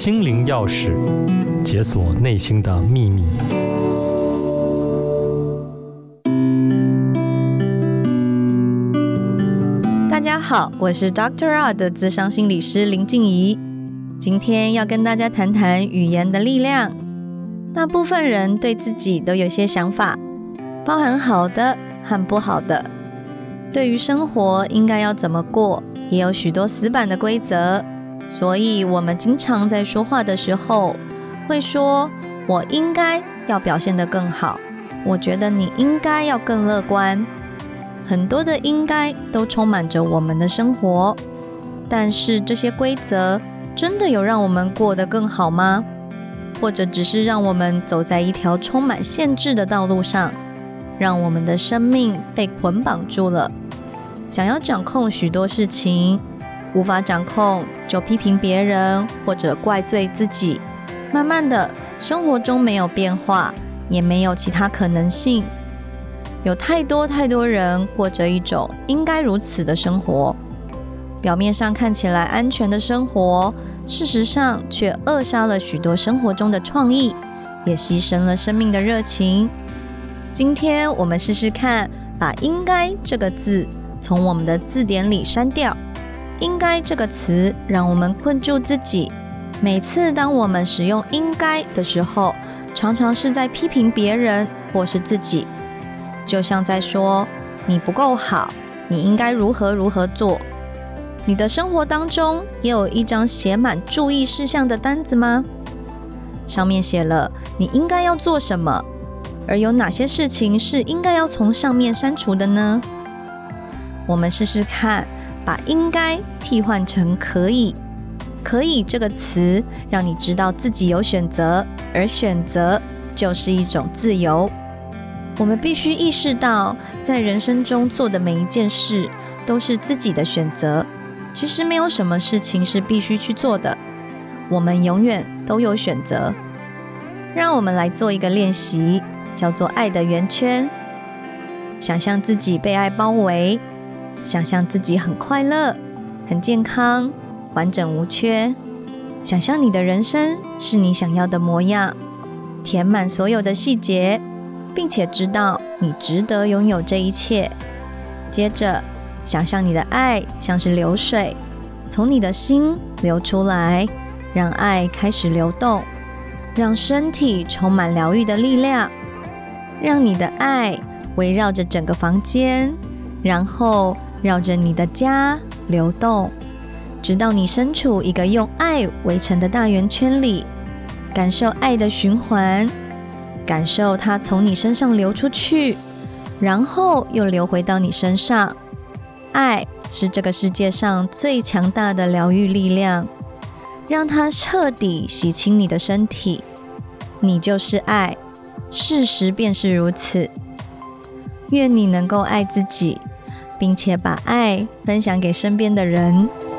心靈鑰匙，解鎖內心的秘密。大家好，我是 Doctor Rod 的諮商心理師林靜怡，今天要跟大家談談語言的力量。大部分人對自己都有些想法，包含好的和不好的。對於生活應該要怎麼過，也有許多死板的規則。所以，我們經常在說話的時候會說：“我應該要表現得更好。”我覺得你應該要更樂觀。很多的“應該”都充滿着我們的生活，但是這些規則真的有讓我們過得更好嗎？或者只是讓我們走在一條充滿限制的道路上，讓我們的生命被捆綁住了？想要掌控許多事情。無法掌控，就批評別人或者怪罪自己。慢慢的，生活中沒有變化，也沒有其他可能性。有太多太多人過着一種應該如此的生活，表面上看起來安全的生活，事實上卻扼殺了許多生活中的創意，也犧牲了生命的熱情。今天我們試試看，把“應該”這個字從我們的字典裡刪掉。“應該”這個詞讓我們困住自己。每次當我們使用“應該”的時候，常常是在批評別人或是自己，就像在說“你不夠好，你應該如何如何做”。你的生活當中也有一張寫滿注意事項的單子嗎？上面寫了你應該要做什麼，而有哪些事情是應該要從上面刪除的呢？我們試試看。把應該替換成可以。可以這個詞，讓你知道自己有選擇，而選擇就是一種自由。我們必須意識到，在人生中做的每一件事都是自己的選擇。其實沒有什麼事情是必須去做的，我們永遠都有選擇。讓我們來做一個練習，叫做“愛的圓圈”，想象自己被愛包圍。想象自己很快樂，很健康，完整無缺。想象你的人生是你想要的模樣，填滿所有的細節，並且知道你值得擁有這一切。接着，想象你的愛像是流水，從你的心流出來，讓愛開始流動，讓身體充滿療癒的力量，讓你的愛圍繞着整個房間，然後，繞着你的家流動，直到你身處一個用愛圍成的大圓圈裡，感受愛的循環，感受它從你身上流出去，然後又流回到你身上。愛是這個世界上最強大的療癒力量，讓它徹底洗清你的身體。你就是愛，事實便是如此。願你能夠愛自己。並且把愛分享給身邊的人。